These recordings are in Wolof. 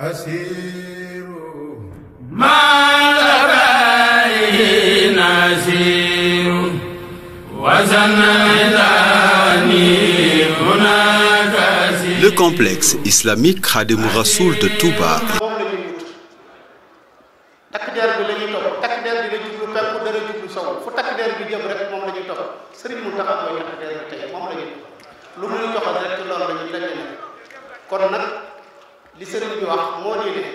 asiru malabayi nasiru Le complexe islamique Khadimou Rassoul de Touba. takk der bi la ñuy topp takk der bi la jublu fekk dara takk der bi jëm rek moom la ñuy topp sëriñ mu taxaw takk der bi tey moom la ñuy topp lu muy li sëriñ bi wax moo di ne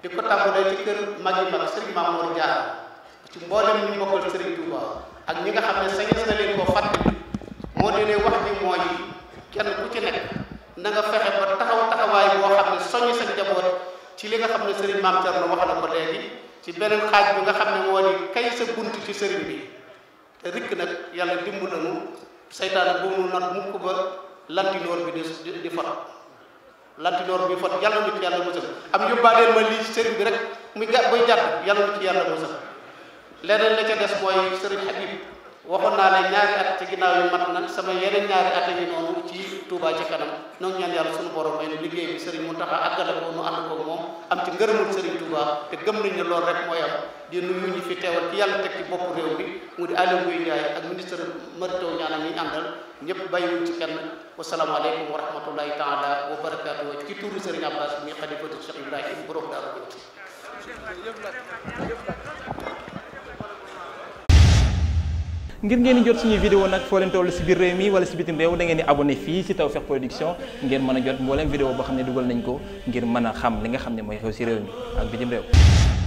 di ko tàmbalee ci kër mag yi mag sëriñ Mamour Diarra ci mboolem ñu bokkal sëriñ Touba ak ñi nga xam ne sañes na leen koo fàttali moo di ne wax bi mooy kenn ku ci nekk na nga fexe ba taxaw taxawaay boo xam ne soññ sa njaboot ci li nga xam ne sëriñ Maam Thierno wax na ko léegi ci beneen xaaj bi nga xam ne moo di kay sa bunt ci sëriñ bi te rikk nag yàlla dimb nañu seytaane bu mu not mukk ba lanti lool bi di lantidoor bi fot yàlla nu ci yàlla musal am yóbbaaleen ma lii sëriñ bi rek muy ga buy jàdd yàlla nu ci yàlla musal leneen la ca des mooy sëriñ Habib waxoon naa ne ñaari at ci ginnaaw yu mat na sama yeneen ñaari at yi noonu ci Touba ci kanam ñoo ñaan yàlla suñu borom may nu liggéey bi sëriñ mu taxa àggale ko nu ànd ko moom am ci ngërëmul sëriñ Touba te gëm nañ ne loolu rek mooy am di nuyu ñu fi teewal ci yàlla teg ci bopp réew bi mu di Aly ak ministre Mary Teuw Niane ñuy ñëpp bàyyiwuñ ci kenn wasalaamaaleykum wa rahmatullahi taala wa barakaatu ci turu Serigne Abbas mi xalifatu Cheikh Ibrahim borom Daaru ngir ngeen di jot suñuy vidéo nag foo leen toll biir réew mi wala si bitim réew da ngeen di abonné fii si Tawfekh Production ngeen mën a jot mbooleem vidéo boo xam ne dugal nañ ko ngir mën a xam li nga xam ne mooy xew si réew mi ak bitim réew